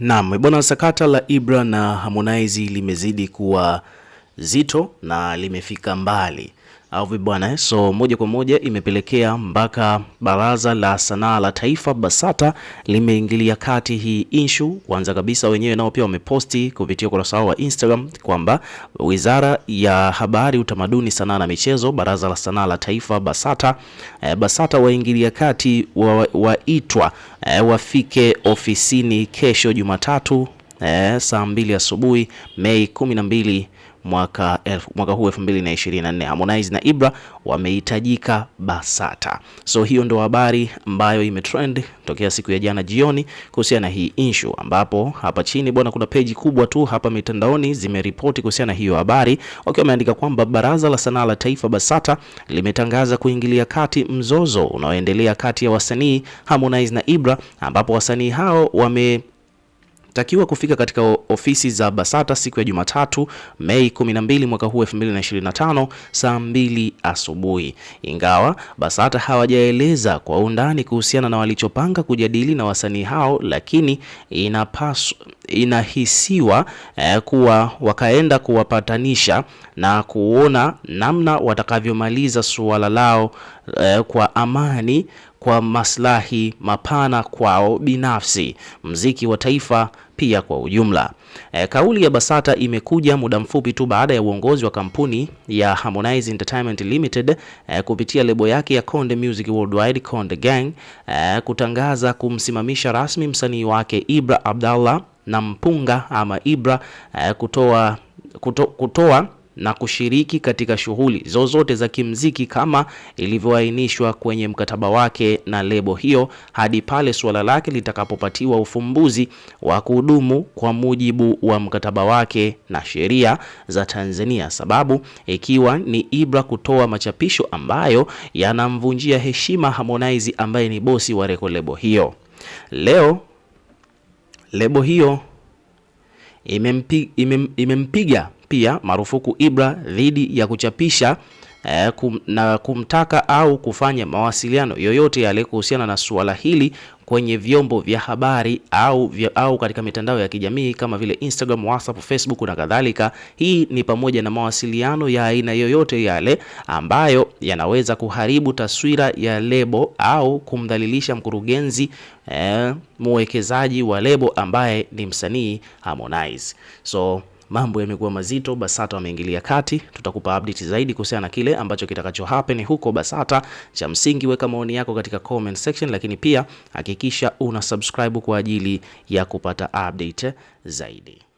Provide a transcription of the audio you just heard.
Naam, bwana, sakata la Ibra na Harmonize limezidi kuwa zito na limefika mbali au vibwana. Eh? So moja kwa moja imepelekea mpaka Baraza la Sanaa la Taifa BASATA limeingilia kati hii issue. Kwanza kabisa, wenyewe nao pia wameposti kupitia ukurasa wao wa Instagram kwamba Wizara ya Habari, Utamaduni, Sanaa na Michezo, Baraza la Sanaa la Taifa BASATA, eh, BASATA waingilia kati, waitwa wa, wa eh, wafike ofisini kesho Jumatatu eh, saa mbili asubuhi Mei 12 mwaka, elf, mwaka huu 2024 Harmonize na Ibra wamehitajika BASATA. So hiyo ndo habari ambayo imetrend tokea siku ya jana jioni kuhusiana na hii issue, ambapo hapa chini bwana, kuna peji kubwa tu hapa mitandaoni zimeripoti kuhusiana na hiyo habari wakiwa wameandika kwamba Baraza la Sanaa la Taifa BASATA limetangaza kuingilia kati mzozo unaoendelea kati ya wasanii Harmonize na Ibra ambapo wasanii hao wame takiwa kufika katika ofisi za BASATA siku ya Jumatatu Mei 12 mwaka huu 2025 saa 2 asubuhi. Ingawa BASATA hawajaeleza kwa undani kuhusiana na walichopanga kujadili na wasanii hao, lakini inapaswa inahisiwa eh, kuwa wakaenda kuwapatanisha na kuona namna watakavyomaliza suala lao eh, kwa amani kwa maslahi mapana kwao binafsi, mziki wa taifa pia kwa ujumla. E, kauli ya Basata imekuja muda mfupi tu baada ya uongozi wa kampuni ya Harmonize Entertainment Limited e, kupitia lebo yake ya Konde Music Worldwide Konde Gang e, kutangaza kumsimamisha rasmi msanii wake Ibra Abdallah na mpunga ama Ibra e, kutoa, kuto, kutoa na kushiriki katika shughuli zozote za kimziki kama ilivyoainishwa kwenye mkataba wake na lebo hiyo hadi pale suala lake litakapopatiwa ufumbuzi wa kudumu kwa mujibu wa mkataba wake na sheria za Tanzania, sababu ikiwa ni Ibra kutoa machapisho ambayo yanamvunjia heshima Harmonize ambaye ni bosi wa reko lebo hiyo. Leo lebo hiyo imempiga pia marufuku Ibra dhidi ya kuchapisha eh, kum, na kumtaka au kufanya mawasiliano yoyote yale kuhusiana na suala hili kwenye vyombo vya habari au, vya, au katika mitandao ya kijamii kama vile Instagram, WhatsApp, Facebook na kadhalika. Hii ni pamoja na mawasiliano ya aina yoyote yale ambayo yanaweza kuharibu taswira ya lebo au kumdhalilisha mkurugenzi eh, mwekezaji wa lebo ambaye ni msanii Harmonize. So mambo yamekuwa mazito. Basata wameingilia kati, tutakupa update zaidi kuhusiana na kile ambacho kitakacho happen huko Basata. Cha msingi, weka maoni yako katika comment section, lakini pia hakikisha una subscribe kwa ajili ya kupata update zaidi.